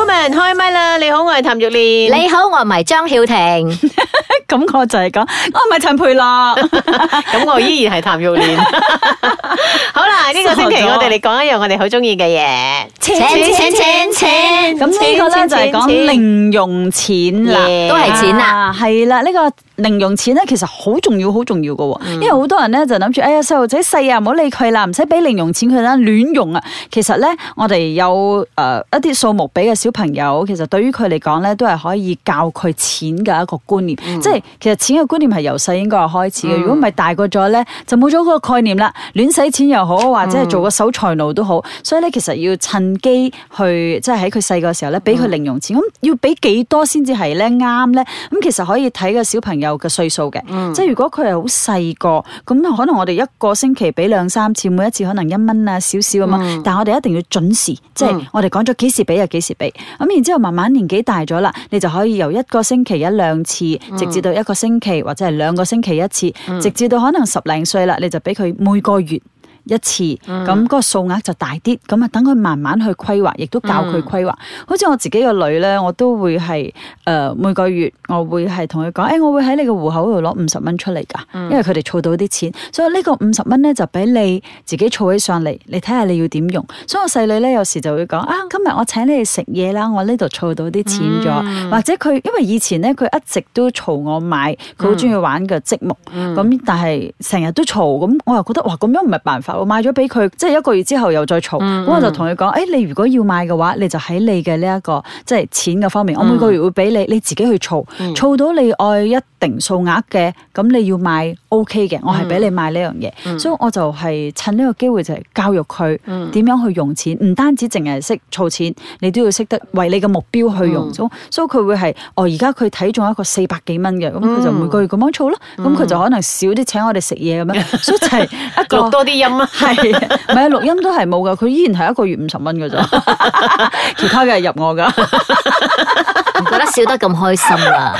開嘜啦！你 ib re sounds 好，我係譚玉蓮。你好，我唔係張曉婷。咁我就係講，我唔係陳佩樂。咁我依然係譚玉蓮。好啦，呢個星期我哋嚟講一樣我哋好中意嘅嘢，錢錢錢錢，咁呢個咧就係講零用錢啦，Yeah. 都係錢、啊啊、啦，係啦，呢個零用錢咧其實好重，重要，好重要嘅，因為好多人咧就諗住，哎呀細路仔細啊，唔好理佢啦，唔使俾零用錢佢啦，亂用啊。其實咧，我哋有誒、呃、一啲數目俾嘅小。小朋友其實對於佢嚟講咧，都係可以教佢錢嘅一個觀念。嗯、即係其實錢嘅觀念係由細應該係開始嘅。如果唔係大個咗咧，就冇咗嗰個概念啦。亂使錢又好，或者係做個守財奴都好。所以咧，其實要趁機去，即係喺佢細個嘅時候咧，俾佢零用錢。咁、嗯、要俾幾多先至係咧啱咧？咁、嗯、其實可以睇個小朋友嘅歲數嘅。嗯、即係如果佢係好細個，咁可能我哋一個星期俾兩三次，每一次可能一蚊啊少少咁樣。小小小嗯、但係我哋一定要準時，即係、嗯、我哋講咗幾時俾就幾時俾。咁然之後慢慢年紀大咗啦，你就可以由一個星期一兩次，直至到一個星期，或者係兩個星期一次，直至到可能十零歲啦，你就俾佢每個月。一次咁嗰個數額就大啲，咁啊等佢慢慢去規劃，亦都教佢規劃。嗯、好似我自己個女咧，我都會係誒、呃、每個月我、欸，我會係同佢講，誒，我會喺你嘅戶口度攞五十蚊出嚟㗎，因為佢哋儲到啲錢，所以呢個五十蚊咧就俾你自己儲起上嚟，你睇下你要點用。所以我細女咧有時就會講，啊，今日我請你哋食嘢啦，我呢度儲到啲錢咗，嗯、或者佢因為以前咧佢一直都嘈我買，佢好中意玩嘅積木，咁、嗯嗯、但係成日都嘈，咁我又覺得哇，咁樣唔係辦法。我買咗俾佢，即係一個月之後又再儲，咁我就同佢講：誒，你如果要買嘅話，你就喺你嘅呢一個即係錢嘅方面，我每個月會俾你，你自己去儲，儲到你愛一定數額嘅，咁你要買 OK 嘅，我係俾你買呢樣嘢，所以我就係趁呢個機會就係教育佢點樣去用錢，唔單止淨係識儲錢，你都要識得為你嘅目標去用。所以佢會係，哦，而家佢睇中一個四百幾蚊嘅，咁佢就每個月咁樣儲咯，咁佢就可能少啲請我哋食嘢咁樣，所以就係一個多啲音係，唔係啊！錄音都係冇噶，佢依然係一個月五十蚊噶咋，其他嘅係入我噶，唔覺得笑得咁開心啦。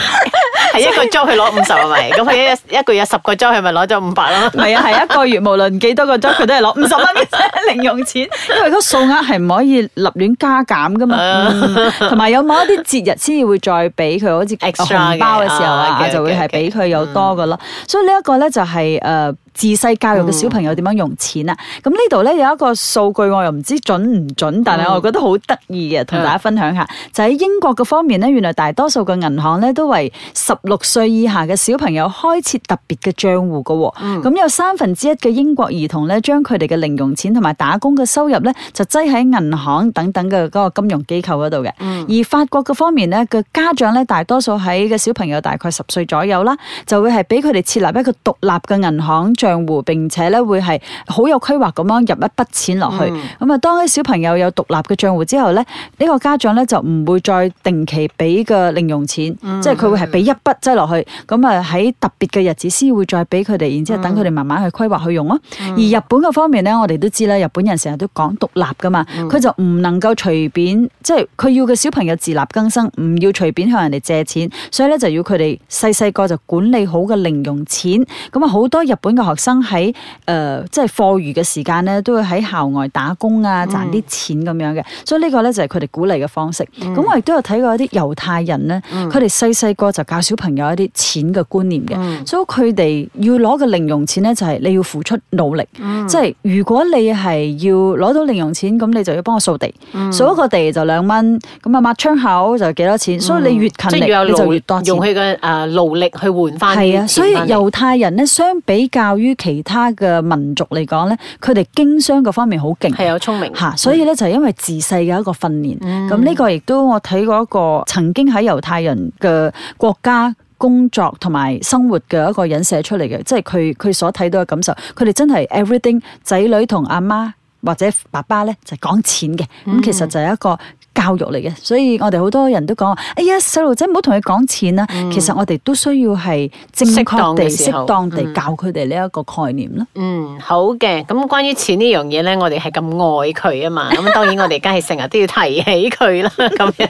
係一個鐘佢攞五十咪，咁佢一一個月十個鐘佢咪攞咗五百咯。係啊，係一個月無論幾多個鐘佢都係攞五十蚊嘅零用錢，因為個數額係唔可以立亂加減噶嘛。嗯，同埋有某一啲節日先至會再俾佢好似 extra 紅包嘅時候啊，就會係俾佢有多噶咯。所以呢一個咧就係誒。自細教育嘅小朋友點樣用錢啊？咁呢度咧有一個數據，我又唔知準唔準，嗯、但係我覺得好得意嘅，同大家分享下。嗯、就喺英國嘅方面咧，原來大多數嘅銀行咧都為十六歲以下嘅小朋友開設特別嘅賬戶㗎。咁、嗯、有三分之一嘅英國兒童咧，將佢哋嘅零用錢同埋打工嘅收入咧，就擠喺銀行等等嘅嗰個金融機構嗰度嘅。嗯、而法國嘅方面咧，嘅家長咧，大多數喺嘅小朋友大概十歲左右啦，就會係俾佢哋設立一個獨立嘅銀行。賬戶並且咧會係好有規劃咁樣入一筆錢落去，咁啊、嗯、當啲小朋友有獨立嘅賬戶之後咧、呢、這個家長咧就唔會再定期俾嘅零用錢，嗯、即係佢會係俾一筆擠落去，咁啊喺特別嘅日子先會再俾佢哋，然之後等佢哋慢慢去規劃去用咯。嗯、而日本嘅方面咧，我哋都知啦，日本人成日都講獨立噶嘛，佢、嗯、就唔能夠隨便，即係佢要嘅小朋友自立更生，唔要隨便向人哋借錢，所以咧就要佢哋細細個就管理好嘅零用錢，咁啊好多日本嘅學生喺誒，即係課餘嘅時間咧，都會喺校外打工啊，賺啲錢咁樣嘅。所以呢個咧就係佢哋鼓勵嘅方式。咁我亦都有睇過一啲猶太人咧，佢哋細細個就教小朋友一啲錢嘅觀念嘅。所以佢哋要攞嘅零用錢咧，就係你要付出努力。即係如果你係要攞到零用錢，咁你就要幫我掃地，掃一個地就兩蚊。咁啊，抹窗口就幾多錢。所以你越勤力，你就越多錢。用佢嘅誒勞力去換翻。係啊，所以猶太人咧相比較。於其他嘅民族嚟講咧，佢哋經商嘅方面好勁，係有聰明吓，所以咧就係因為自細嘅一個訓練。咁呢、嗯、個亦都我睇過一個曾經喺猶太人嘅國家工作同埋生活嘅一個人寫出嚟嘅，即係佢佢所睇到嘅感受，佢哋真係 everything 仔女、同阿媽，媽或者爸爸咧就係講錢嘅。咁、嗯、其實就係一個。教育嚟嘅，所以我哋好多人都講，哎呀，細路仔唔好同佢講錢啦。其實我哋都需要係正確地、適當地教佢哋呢一個概念啦。嗯，好嘅。咁關於錢呢樣嘢咧，我哋係咁愛佢啊嘛。咁當然我哋梗係成日都要提起佢啦。咁樣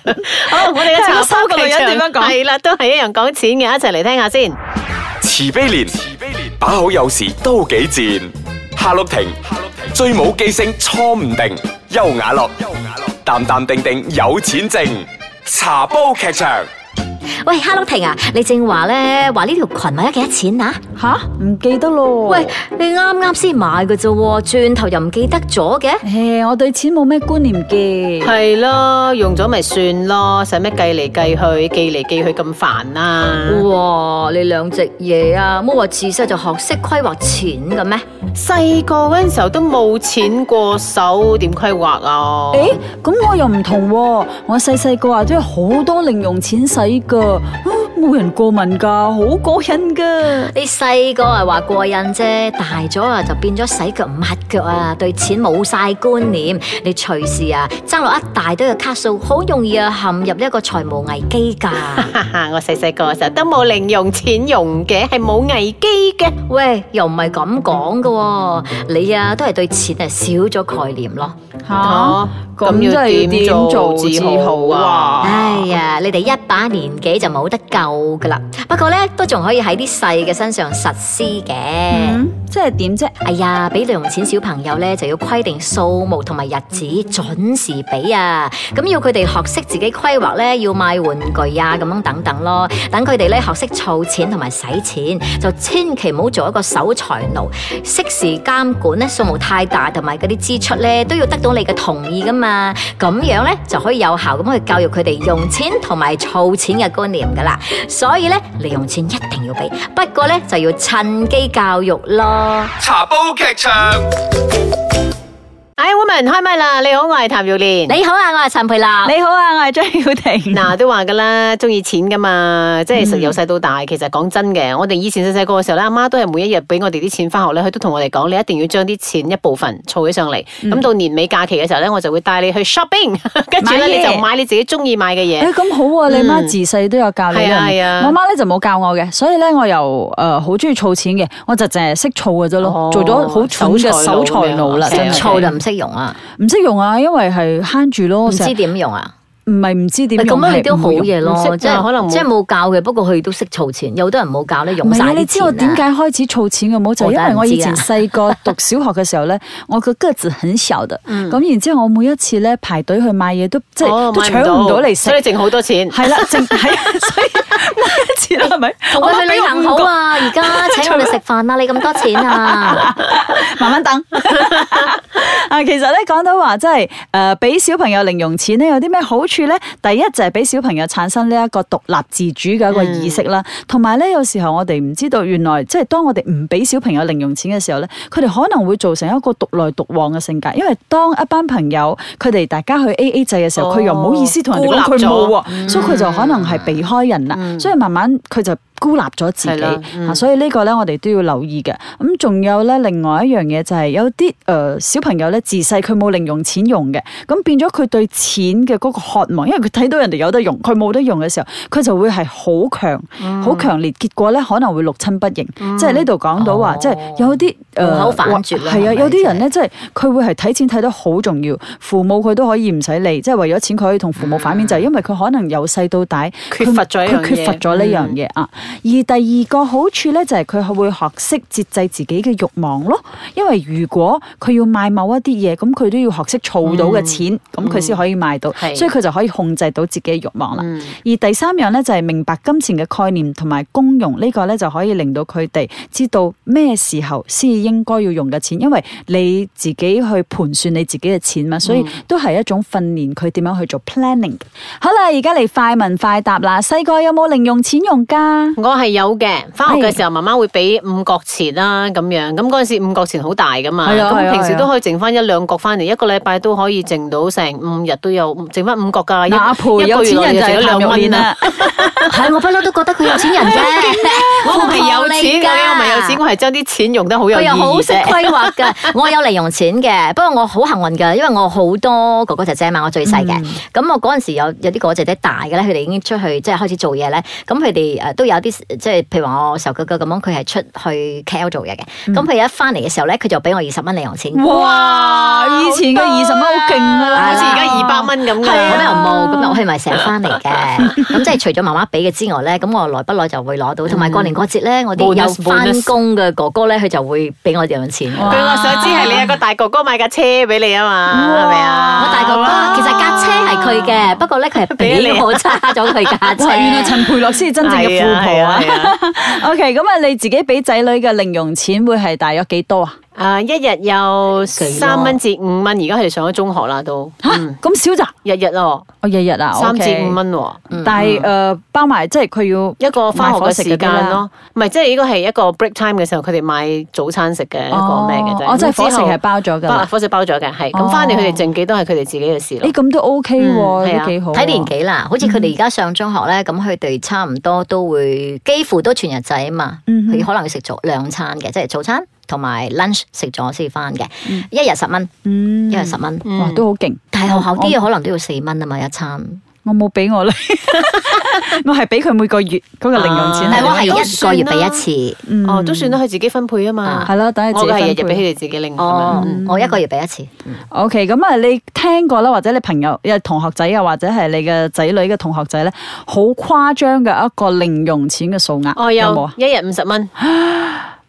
好，我哋一齊收個女人點樣講係啦，都係一樣講錢嘅，一齊嚟聽下先。慈悲蓮，慈悲蓮，把口有時都幾賤。夏綠庭，夏綠庭，最冇記性錯唔定。優雅樂。淡淡定定有錢剩，茶煲劇場。喂，Hello 婷啊，Hello, Ting，你正話咧話呢條裙買咗幾多錢啊？吓，唔記得咯。喂，你啱啱先買嘅啫，轉頭又唔記得咗嘅。唉、欸，我對錢冇咩觀念嘅。係咯，用咗咪算咯，使咩計嚟計去，計嚟計去咁煩啊！哇，你兩隻嘢啊，冇話自細就學識規劃錢嘅咩？細個嗰陣時候都冇錢過手，點規劃啊？誒、欸，咁我又唔同，我細細個啊都有好多零用錢使嘅。冇人過問噶，好過癮噶。你細個係話過癮啫，大咗啊就變咗洗腳唔抹腳啊，對錢冇晒觀念。你隨時啊爭落一大堆嘅卡數，好容易啊陷入一個財務危機噶。 我細細個時候,都冇零用錢用嘅，係冇危機嘅。喂，又唔係咁講噶，你啊都係對錢啊少咗概念咯。吓，咁真係要點做至好啊？哎呀，你哋一把年紀就冇得救噶啦。不過呢，都仲可以喺啲細嘅身上實施嘅。嗯，即係點啫？哎呀，俾零用錢小朋友呢，就要規定數目同埋日子，準時俾啊！咁、嗯、要佢哋學識自己規劃呢，要買玩具啊，咁樣等等咯。等佢哋呢，學識儲錢同埋使錢，就千祈唔好做一個守財奴。適時監管呢，數目太大同埋嗰啲支出呢，都要得到你嘅同意噶嘛。咁樣呢，就可以有效咁去教育佢哋用錢同埋儲錢嘅觀念噶啦。所以呢。零用錢一定要俾，不過咧就要趁機教育咯。茶煲劇場哎，Iwoman 開嘜啦！你好，我係譚玉蓮。你好啊，我係陳佩立。你好啊，我係張曉婷。嗱，都話噶啦，中意錢噶嘛，即係由細到大。其實講真嘅，我哋以前細細個嘅時候咧，阿媽都係每一日俾我哋啲錢翻學咧，佢都同我哋講，你一定要將啲錢一部分儲起上嚟。咁到年尾假期嘅時候咧，我就會帶你去 shopping，跟住你就買你自己中意買嘅嘢。咁好啊！你媽自細都有教你嘅，我媽咧就冇教我嘅，所以咧我又好中意儲錢嘅，我就淨係識儲嘅啫咯，做咗好蠢嘅守財奴啦，用啊，唔識用啊，因為係慳住咯。唔知點用啊，唔係唔知點咁樣佢都好嘢咯，即係可能即係冇教嘅，不過佢都識儲錢。有好多人冇教你用晒啲錢。你知我點解開始儲錢嘅冇？就係因為我以前細個讀小學嘅時候咧，我個個子很小嘅。咁然之後我每一次咧排隊去買嘢都即係都搶唔到嚟食，所以你剩好多錢係啦，剩係所以每一次係咪我係俾你好啊？而家請我哋食飯啦，你咁多錢啊？慢慢等。啊，其實咧講到話，即係誒，俾、呃、小朋友零用錢咧，有啲咩好處咧？第一就係俾小朋友產生呢一個獨立自主嘅一個意識啦。同埋咧，有時候我哋唔知道，原來即係當我哋唔俾小朋友零用錢嘅時候咧，佢哋可能會造成一個獨來獨往嘅性格。因為當一班朋友，佢哋大家去 A A 制嘅時候，佢、哦、又唔好意思同人哋講佢冇，所以佢就可能係避開人啦。嗯、所以慢慢佢就。孤立咗自己，嗯、所以呢個咧，我哋都要留意嘅。咁仲有咧，另外一樣嘢就係、是、有啲誒、呃、小朋友咧，自細佢冇零用錢用嘅，咁變咗佢對錢嘅嗰個渴望，因為佢睇到人哋有得用，佢冇得用嘅時候，佢就會係好強、好、嗯、強烈，結果咧可能會六親不認。嗯、即係呢度講到話，即係有啲誒，係啊，有啲人咧，即係佢會係睇錢睇得好重要，父母佢都可以唔使理，即係為咗錢，佢可以同父母反面，嗯、就係因為佢可能由細到大缺乏咗呢樣嘢。而第二個好處咧，就係、是、佢會學識節制自己嘅慾望咯。因為如果佢要買某一啲嘢，咁佢都要學識儲到嘅錢，咁佢先可以買到，嗯、所以佢就可以控制到自己嘅慾望啦。嗯、而第三樣咧，就係、是、明白金錢嘅概念同埋功用，呢、這個咧就可以令到佢哋知道咩時候先應該要用嘅錢。因為你自己去盤算你自己嘅錢嘛，所以都係一種訓練佢點樣去做 planning。嗯、好啦，而家嚟快問快答啦。細個有冇零用錢用噶？我係有嘅，返學嘅時候媽媽會俾五角錢啦咁樣，咁嗰陣時五角錢好大㗎嘛，咁是的 平時都可以剩翻一兩角翻嚟，是的是的一個禮拜都可以剩到成五日都有，剩翻五角㗎，有錢人一倍個月就係兩蚊啦。係，我不嬲都覺得佢有錢人啫， 我唔係有錢，我因為唔係有錢，我係將啲錢用得好有意義又好識規劃㗎， 我有零用錢嘅，不過我好幸運㗎，因為我好多哥哥姐姐嘛，我最細嘅，咁、嗯、我嗰陣時有有啲哥哥姐姐大嘅咧，佢哋已經出去即係開始做嘢咧，咁佢哋誒都有啲。.即係譬如話我細個嗰，咁樣，佢係出去 c 做嘢嘅，咁佢、嗯、一翻嚟嘅時候咧，佢就俾我二十蚊零用錢。哇！以前嘅二十蚊好勁啊！二百蚊咁嘅，咩又冇，咁我係咪成日攞翻嚟嘅？咁即係除咗媽媽俾嘅之外咧，咁我來不來就會攞到。同埋過年過節咧，我哋有翻工嘅哥哥咧，佢就會俾我零用錢。據我所知係你一個大哥哥買架車俾你啊嘛，係咪啊？我大哥哥其實架車係佢嘅，不過咧佢係俾我揸咗佢架車。哇！原來陳佩樂先係真正嘅富婆啊！OK，咁啊，你自己俾仔女嘅零用錢會係大約幾多啊？啊！一日有三蚊至五蚊，而家佢哋上咗中學啦，都嚇咁少咋？日日咯，哦日日啊，三至五蚊，但係誒包埋，即係佢要一個返學嘅時間咯，唔係即係呢個係一個 break time 嘅時候，佢哋買早餐食嘅一個咩嘅啫？即係火食係包咗嘅，包啦，火食包咗嘅，係咁返嚟佢哋剩幾多係佢哋自己嘅事咯。咁都 OK 喎，係幾好睇年紀啦，好似佢哋而家上中學咧，咁佢哋差唔多都會幾乎都全日制啊嘛，佢可能要食早兩餐嘅，即係早餐。同埋 lunch 食咗先返嘅，一日十蚊，一日十蚊，哇，都好勁！但係學校啲嘢可能都要四蚊啊嘛，一餐。我冇俾我咧，我係俾佢每個月嗰個零用錢，係我係一個月俾一次，哦，都算啦，佢自己分配啊嘛。係啦，等佢自己。我係日日俾佢自己零用。哦，我一個月俾一次。OK，咁啊，你聽過啦，或者你朋友又同學仔啊，或者係你嘅仔女嘅同學仔咧，好誇張嘅一個零用錢嘅數額，有冇啊？一日五十蚊。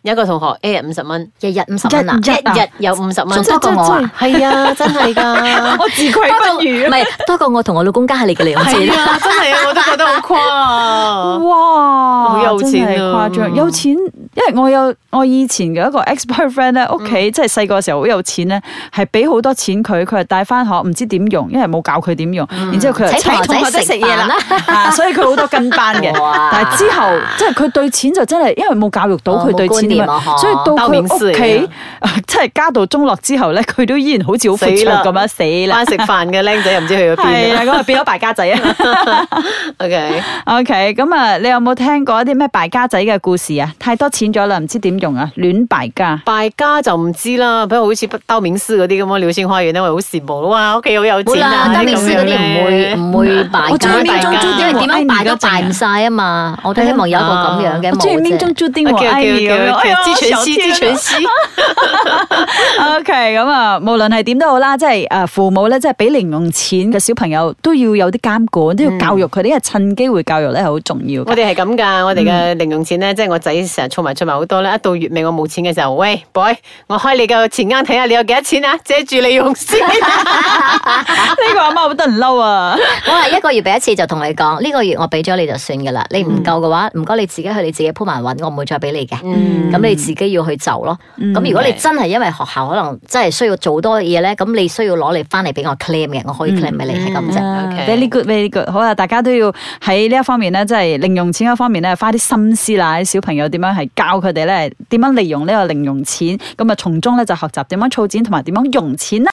有一個同學一日五十蚊，一日五十蚊，一日有五十蚊，仲多過我 啊！係啊，真係噶， 我自愧不如。多,不多過我同我老公加起嚟嘅零用錢，係啊 呢，真係啊，我都覺得好誇啊！哇，好有錢啊，誇張，有錢。因為我有我以前嘅一個 ex boyfriend 咧，屋企即係細個嘅時候好有錢咧，係俾好多錢佢，佢又帶翻學，唔知點用，因為冇教佢點用。然之後佢又請同學仔食嘢啦，所以佢好多跟班嘅。但係之後即係佢對錢就真係，因為冇教育到佢對錢，所以到佢屋企即係家道中落之後咧，佢都依然好似好富足咁樣，死啦！請食飯嘅僆仔又唔知去咗邊啊？咁啊變咗敗家仔啊？OK OK，咁啊，你有冇聽過一啲咩敗家仔嘅故事啊？太多錢錢咗啦，唔知點用啊？亂敗家，敗家就唔知啦。不過好似兜明斯嗰啲咁咯，鳥仙花園咧，我好羨慕咯。哇，屋企好有錢啊！兜明斯嗰啲唔會唔會敗家，敗家。我中珠丁點樣敗都敗唔晒啊嘛！我都希望有一個咁樣嘅模式。我中珠嘅。和 Ivy，知權師，知權師。OK，咁啊，無論係點都好啦，即係誒，父母咧，即係俾零用錢嘅小朋友都要有啲監管，都要教育佢。呢，趁機會教育咧，係好重要。我哋係咁噶，我哋嘅零用錢咧，即係我仔成日儲出埋好多啦。一到月尾我冇錢嘅時候，喂，boy，我開你個錢罌睇下你有幾多錢啊，借住你用先。呢 個阿媽，媽好得人嬲啊！我 係一個月俾一次就，就同你講，呢個月我俾咗你就算㗎啦。你唔夠嘅話，唔該、嗯、你自己去你自己鋪埋搵，我唔會再俾你嘅。嗯，咁你自己要去就咯。咁、嗯、如果你真係因為學校可能真係需要做多嘢咧，咁你需要攞嚟翻嚟俾我 claim 嘅，我可以 claim 俾你係咁啫。Very good, very good, 好啊！大家都要喺呢一方面咧，即係零用錢一方面咧，花啲心思啦，小朋友點樣係。教佢哋咧點樣利用呢個零用錢，噉啊從中咧就學習點樣儲錢同埋點樣用錢啦。